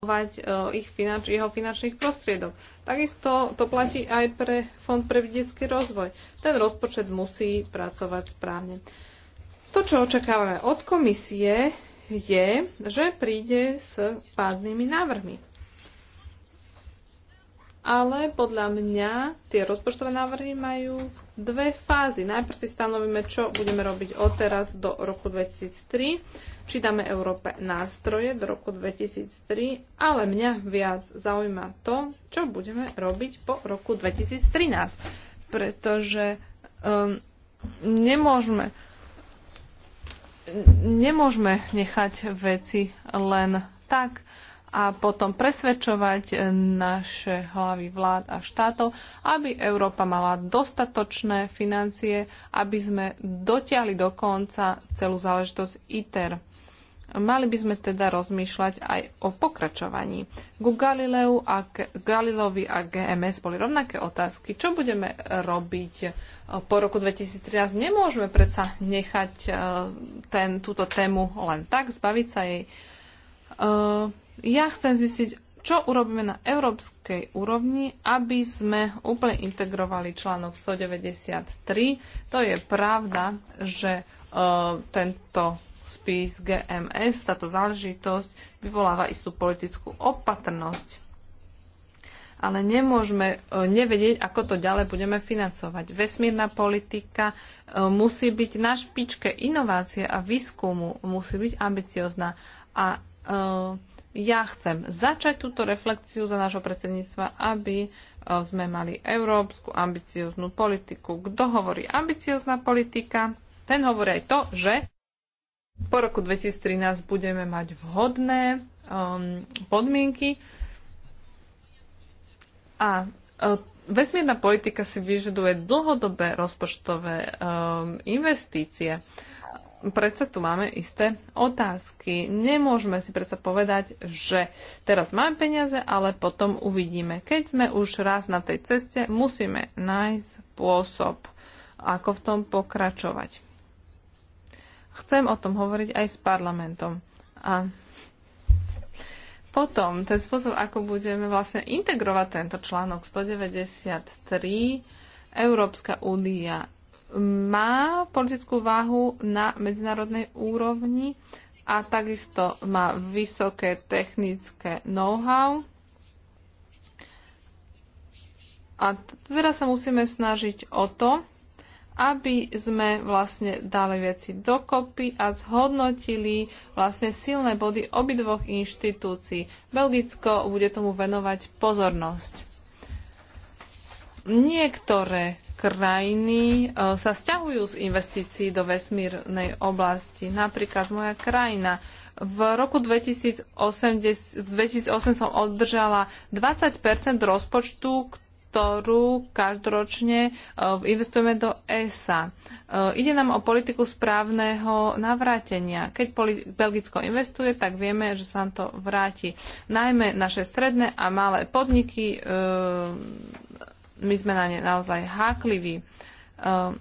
kontrolovať e, ich finanč, jeho finančných prostriedok. Takisto to platí aj pre Fond pre vidiecký rozvoj. Ten rozpočet musí pracovať správne. To, čo očakávame od komisie, je, že príde s pádnymi návrhmi. Ale podľa mňa tie rozpočtové návrhy majú dve fázy. Najprv si stanovíme, čo budeme robiť odteraz do roku 2003, či dáme Európe nástroje do roku 2003, ale mňa viac zaujíma to, čo budeme robiť po roku 2013, pretože um, nemôžeme nemôžeme nechať veci len tak. Uh, a potom presvedčovať eh, naše hlavy vlád a štátov, aby Európa mala dostatočné financie, aby sme dotiahli do konca celú záležitosť ITER. Mali by sme teda rozmýšľať aj o pokračovaní. Ku Galileu a K- Galilovi a GMS boli rovnaké otázky. Čo budeme robiť po roku 2013? Nemôžeme predsa nechať eh, ten, túto tému len tak, zbaviť sa jej. Eh, ja chcem zistiť, čo urobíme na európskej úrovni, aby sme úplne integrovali článok 193. To je pravda, že e, tento spis GMS, táto záležitosť vyvoláva istú politickú opatrnosť. Ale nemôžeme e, nevedieť, ako to ďalej budeme financovať. Vesmírna politika e, musí byť na špičke inovácie a výskumu, musí byť ambiciozná. A Eh, ja chcem začať túto reflexiu za nášho predsedníctva, aby eh, sme mali európsku ambicioznú politiku. Kto hovorí ambiciozná politika, ten hovorí aj to, že po roku 2013 budeme mať vhodné um, podmienky a uh, vesmírna politika si vyžaduje dlhodobé rozpočtové um, investície. Uh, predsa tu máme isté otázky. Nemôžeme si predsa povedať, že teraz máme peniaze, ale potom uvidíme. Keď sme už raz na tej ceste, musíme nájsť spôsob, ako v tom pokračovať. Chcem o tom hovoriť aj s parlamentom. A potom ten spôsob, ako budeme vlastne integrovať tento článok 193, Európska únia má politickú váhu na medzinárodnej úrovni a takisto má vysoké technické know-how. A teraz sa musíme snažiť o to, aby sme vlastne dali veci dokopy a zhodnotili vlastne silné body obidvoch inštitúcií. Belgicko bude tomu venovať pozornosť. Niektoré krajiny e, sa stiahujú z investícií do vesmírnej oblasti. Napríklad moja krajina. V roku 2008, som oddržala 20 rozpočtu, ktorú každoročne e, investujeme do ESA. E, ide nám o politiku správneho navrátenia. Keď Belgicko investuje, tak vieme, že sa nám to vráti. Najmä naše stredné a malé podniky my sme na ne naozaj hákliví. Ehm,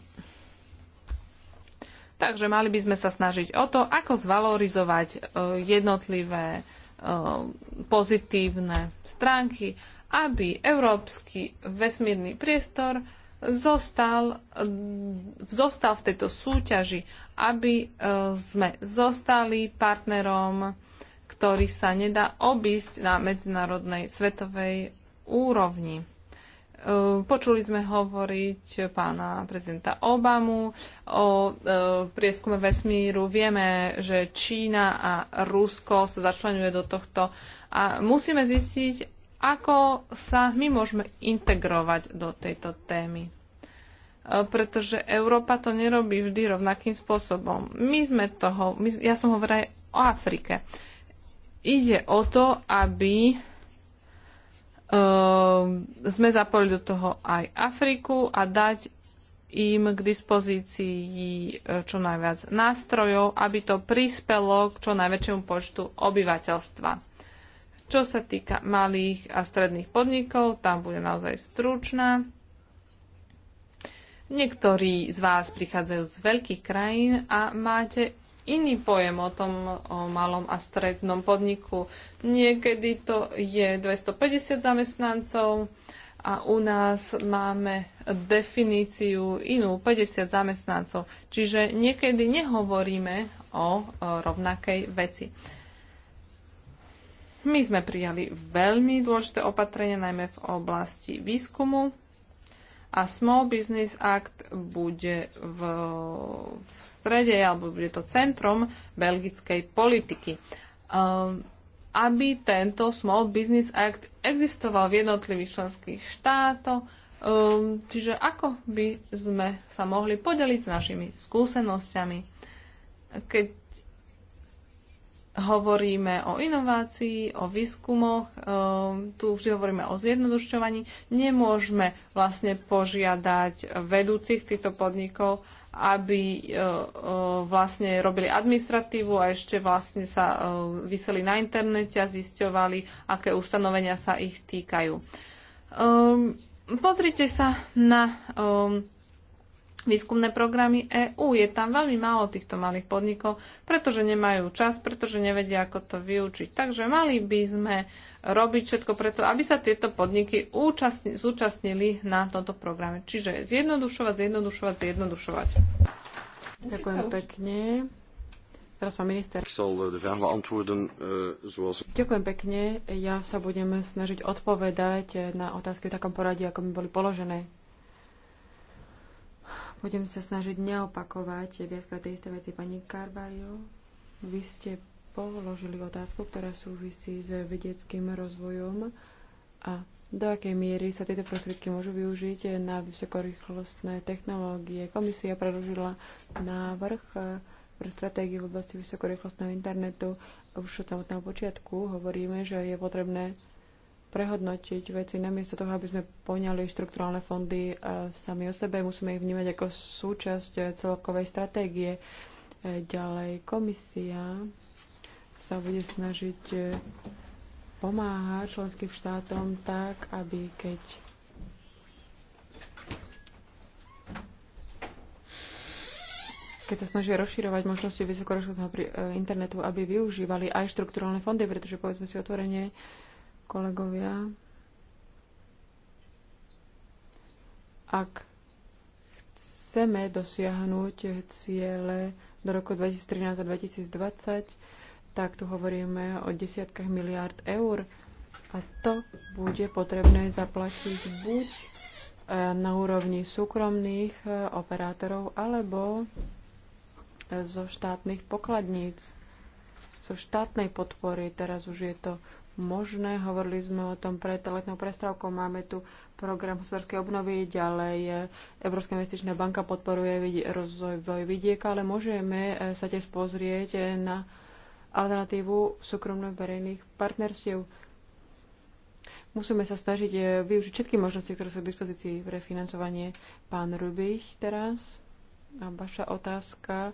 takže mali by sme sa snažiť o to, ako zvalorizovať e, jednotlivé e, pozitívne stránky, aby európsky vesmírny priestor zostal, zostal v tejto súťaži, aby e, sme zostali partnerom, ktorý sa nedá obísť na medzinárodnej svetovej úrovni. Eh, počuli sme hovoriť pána prezidenta Obamu o eh, prieskume vesmíru. Vieme, že Čína a Rusko sa začlenuje do tohto a musíme zistiť, ako sa my môžeme integrovať do tejto témy. Eh, pretože Európa to nerobí vždy rovnakým spôsobom. My sme toho, my, ja som hovorila aj o Afrike. Ide o to, aby Ehm, sme zapojili do toho aj Afriku a dať im k dispozícii e, čo najviac nástrojov, aby to prispelo k čo najväčšiemu počtu obyvateľstva. Čo sa týka malých a stredných podnikov, tam bude naozaj stručná. Niektorí z vás prichádzajú z veľkých krajín a máte iný pojem o tom o malom a strednom podniku. Niekedy to je 250 zamestnancov a u nás máme definíciu inú 50 zamestnancov. Čiže niekedy nehovoríme o rovnakej veci. My sme prijali veľmi dôležité opatrenia, najmä v oblasti výskumu a Small Business Act bude v, v strede alebo bude to centrom belgickej politiky. Um, aby tento Small Business Act existoval v jednotlivých členských štátoch, um, čiže ako by sme sa mohli podeliť s našimi skúsenosťami. Keď hovoríme o inovácii, o výskumoch, eh, tu vždy hovoríme o zjednodušťovaní. Nemôžeme vlastne požiadať vedúcich týchto podnikov, aby eh, eh, vlastne robili administratívu a ešte vlastne sa vyseli na internete a zisťovali, aké ustanovenia sa ich týkajú. Ehm, pozrite sa na ehm, výskumné programy EÚ. Je tam veľmi málo týchto malých podnikov, pretože nemajú čas, pretože nevedia, ako to vyučiť. Takže mali by sme robiť všetko preto, aby sa tieto podniky účastni, zúčastnili na tomto programe. Čiže zjednodušovať, zjednodušovať, zjednodušovať. Ďakujem pekne. Teraz pán minister. Eh, eh, Ďakujem pekne. Ja sa budem snažiť odpovedať eh, na otázky v takom poradí, ako mi boli položené. Budem sa snažiť neopakovať viackrát tie isté veci. Pani Carvajo, vy ste položili otázku, ktorá súvisí s vedeckým rozvojom a do akej miery sa tieto prostriedky môžu využiť na vysokorýchlostné technológie. Komisia predložila návrh pre stratégiu v oblasti vysokorýchlostného internetu. Už od samotného počiatku hovoríme, že je potrebné prehodnotiť veci. Namiesto toho, aby sme poňali štrukturálne fondy e, sami o sebe, musíme ich vnímať ako súčasť e, celkovej stratégie. E, ďalej komisia sa bude snažiť pomáhať členským štátom tak, aby keď keď sa snažia rozširovať možnosti vysokorozchodného internetu, aby využívali aj štrukturálne fondy, pretože povedzme si otvorenie. uh, kolegovia, ak chceme dosiahnuť ciele do roku 2013 a 2020, tak tu hovoríme o desiatkách miliárd eur a to bude potrebné zaplatiť buď e, na úrovni súkromných e, operátorov alebo e, zo štátnych pokladníc, zo štátnej podpory. Teraz už je to možné. Hovorili sme o tom pred letnou prestávkou. Máme tu program hospodárskej obnovy, ďalej e, Európska investičná banka podporuje rozvoj vidieka, ale môžeme e, sa tiež pozrieť e, na alternatívu súkromných verejných partnerstiev. Musíme sa snažiť využiť všetky možnosti, ktoré sú k dispozícii pre financovanie. Pán Rubich teraz a vaša otázka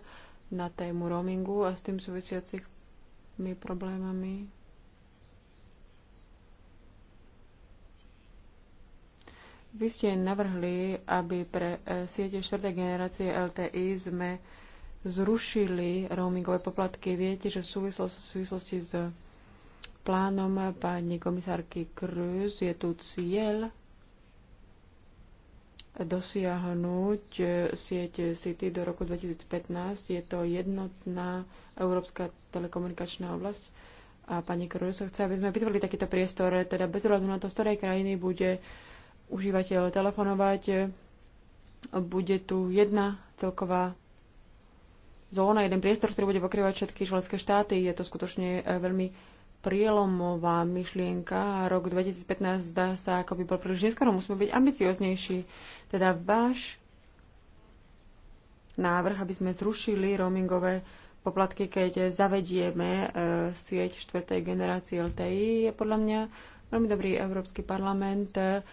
na tému roamingu a s tým súvisiacich problémami. Vy ste navrhli, aby pre e, siete 4. generácie LTI sme zrušili roamingové poplatky. Viete, že v súvislosti s plánom pani komisárky Cruz je tu cieľ dosiahnuť e, sieť City do roku 2015. Je to jednotná európska telekomunikačná oblasť. A pani Krúso chce, aby sme vytvorili takýto priestor, teda bez na to, z ktorej krajiny bude užívateľ telefonovať. Bude tu jedna celková zóna, jeden priestor, ktorý bude pokrývať všetky členské štáty. Je to skutočne e, veľmi prielomová myšlienka. Rok 2015 zdá sa, ako by bol príliš neskoro. Musíme byť ambicioznejší. Teda váš návrh, aby sme zrušili roamingové poplatky, keď zavedieme e, sieť štvrtej generácie LTI, je podľa mňa veľmi dobrý Európsky parlament. E,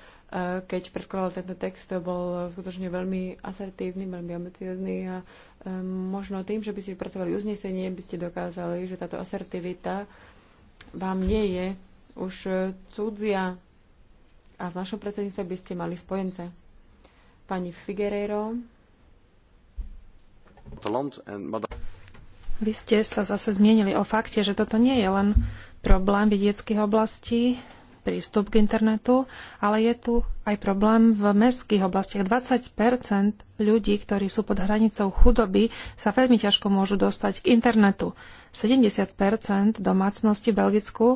keď predkladal tento text, to bol skutočne veľmi asertívny, veľmi ambiciozný a ehm, možno tým, že by ste pracovali uznesenie, by ste dokázali, že táto asertivita vám nie je už e, cudzia a v našom predsedníctve by ste mali spojence. Pani Figueiredo. Vy ste sa zase zmienili o fakte, že toto nie je len problém vidieckých oblastí, prístup k internetu, ale je tu aj problém v mestských oblastiach. 20 ľudí, ktorí sú pod hranicou chudoby, sa veľmi ťažko môžu dostať k internetu. 70 domácnosti v Belgicku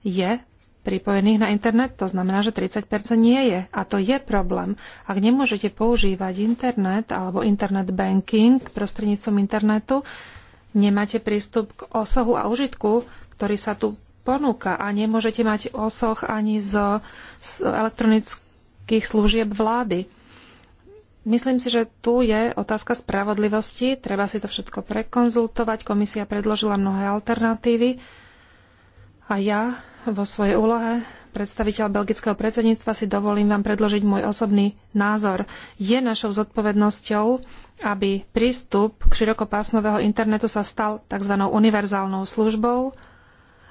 je pripojených na internet, to znamená, že 30 nie je. A to je problém. Ak nemôžete používať internet alebo internet banking prostredníctvom internetu, nemáte prístup k osohu a užitku, ktorý sa tu ponúka a nemôžete mať osoch ani z, z elektronických služieb vlády. Myslím si, že tu je otázka spravodlivosti, treba si to všetko prekonzultovať. Komisia predložila mnohé alternatívy a ja vo svojej úlohe predstaviteľ belgického predsedníctva si dovolím vám predložiť môj osobný názor. Je našou zodpovednosťou, aby prístup k širokopásmového internetu sa stal tzv. univerzálnou službou,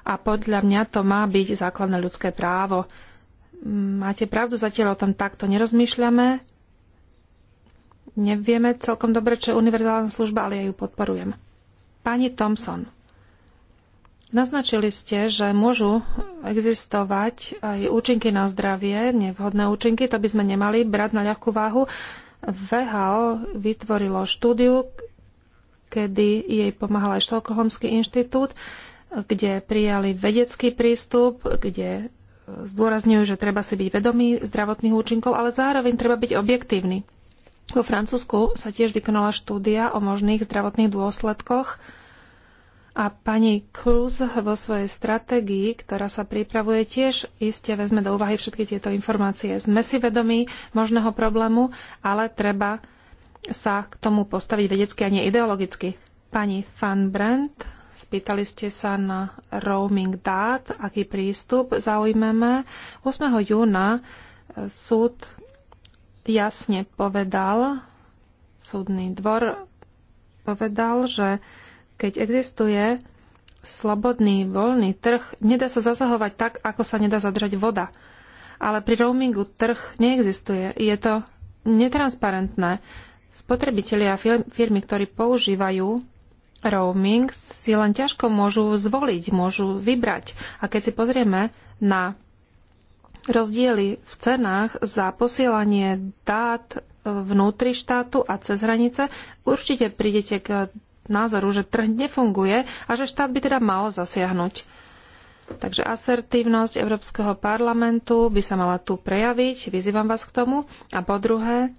a podľa mňa to má byť základné ľudské právo. Máte pravdu, zatiaľ o tom takto nerozmýšľame. Nevieme celkom dobre, čo je univerzálna služba, ale ja ju podporujem. Pani Thompson, naznačili ste, že môžu existovať aj účinky na zdravie, nevhodné účinky, to by sme nemali brať na ľahkú váhu. VHO vytvorilo štúdiu, kedy jej pomáhal aj Štokholmský inštitút kde prijali vedecký prístup, kde zdôrazňujú, že treba si byť vedomý zdravotných účinkov, ale zároveň treba byť objektívny. Vo Francúzsku sa tiež vykonala štúdia o možných zdravotných dôsledkoch a pani Cruz vo svojej stratégii, ktorá sa pripravuje, tiež iste vezme do úvahy všetky tieto informácie. Sme si vedomí možného problému, ale treba sa k tomu postaviť vedecky a nie ideologicky. Pani Van Brandt Spýtali ste sa na roaming dát, aký prístup zaujmeme. 8. júna e, súd jasne povedal, súdny dvor povedal, že keď existuje slobodný, voľný trh, nedá sa zasahovať tak, ako sa nedá zadržať voda. Ale pri roamingu trh neexistuje. Je to netransparentné. Spotrebitelia a firmy, ktorí používajú roaming si len ťažko môžu zvoliť, môžu vybrať. A keď si pozrieme na rozdiely v cenách za posielanie dát vnútri štátu a cez hranice, určite prídete k názoru, že trh nefunguje a že štát by teda mal zasiahnuť. Takže asertívnosť Európskeho parlamentu by sa mala tu prejaviť, vyzývam vás k tomu. A po druhé,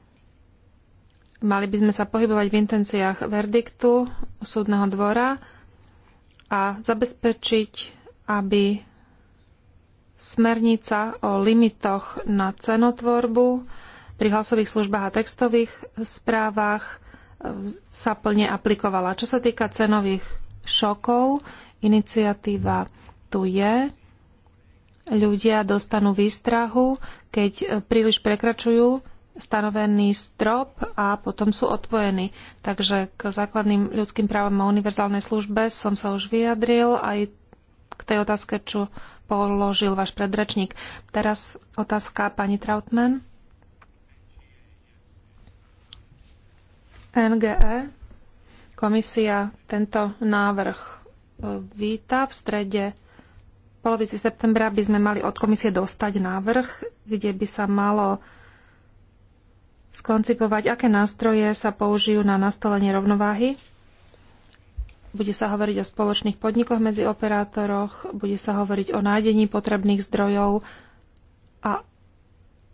Mali by sme sa pohybovať v intenciách verdiktu súdneho dvora a zabezpečiť, aby smernica o limitoch na cenotvorbu pri hlasových službách a textových správach eh, sa plne aplikovala. Čo sa týka cenových šokov, iniciatíva tu je. Ľudia dostanú výstrahu, keď eh, príliš prekračujú stanovený strop a potom sú odpojení. Takže k základným ľudským právom a univerzálnej službe som sa už vyjadril aj k tej otázke, čo položil váš predrečník. Teraz otázka pani Trautmann. NGE. Komisia tento návrh e, víta v strede v polovici septembra by sme mali od komisie dostať návrh, kde by sa malo skoncipovať, aké nástroje sa použijú na nastolenie rovnováhy. Bude sa hovoriť o spoločných podnikoch medzi operátoroch, bude sa hovoriť o nájdení potrebných zdrojov a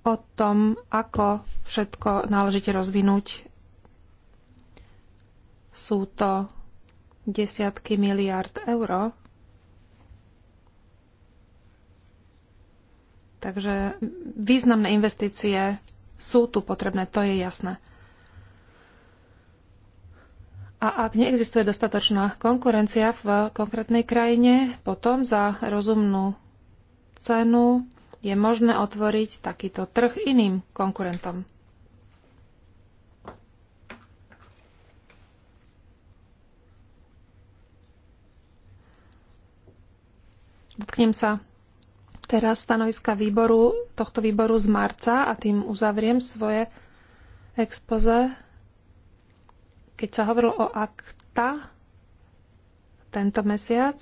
o tom, ako všetko náležite rozvinúť. Sú to desiatky miliard eur. Takže významné investície sú tu potrebné, to je jasné. A ak neexistuje dostatočná konkurencia v konkrétnej krajine, potom za rozumnú cenu je možné otvoriť takýto trh iným konkurentom. Dotknem sa teraz stanoviska výboru, tohto výboru z marca a tým uzavriem svoje expoze. Keď sa hovorilo o akta tento mesiac,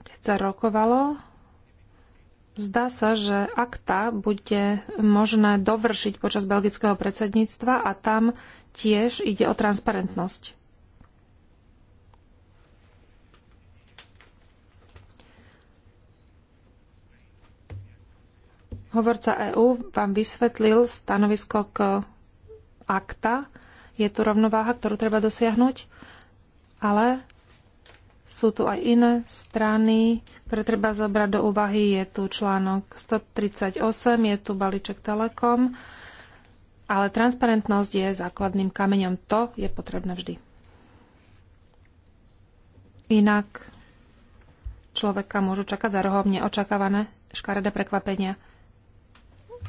keď sa rokovalo, zdá sa, že akta bude možné dovršiť počas belgického predsedníctva a tam tiež ide o transparentnosť. Hovorca EÚ vám vysvetlil stanovisko k akta. Je tu rovnováha, ktorú treba dosiahnuť, ale sú tu aj iné strany, ktoré treba zobrať do úvahy. Je tu článok 138, je tu balíček Telekom, ale transparentnosť je základným kameňom. To je potrebné vždy. Inak človeka môžu čakať za rohom neočakávané škaredé prekvapenia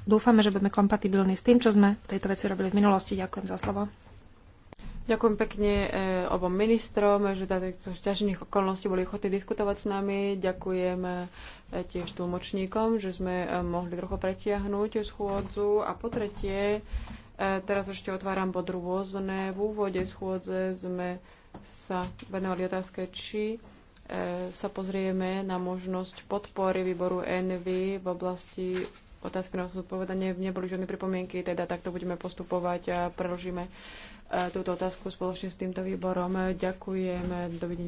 dúfame, že budeme kompatibilní s tým, čo sme v tejto veci robili v minulosti. Ďakujem za slovo. Ďakujem pekne eh, obom ministrom, že za týchto ťažných okolností boli ochotní diskutovať s nami. Ďakujem eh, tiež tlmočníkom, že sme eh, mohli trochu pretiahnuť schôdzu. A po tretie, teraz ešte otváram bod rôzne. V úvode schôdze sme sa venovali otázke, či sa pozrieme na možnosť podpory výboru ENVY v oblasti otázky na zodpovedanie neboli žiadne pripomienky, teda takto budeme postupovať a preložíme e, túto otázku spoločne s týmto výborom. Ďakujem, dovidenia.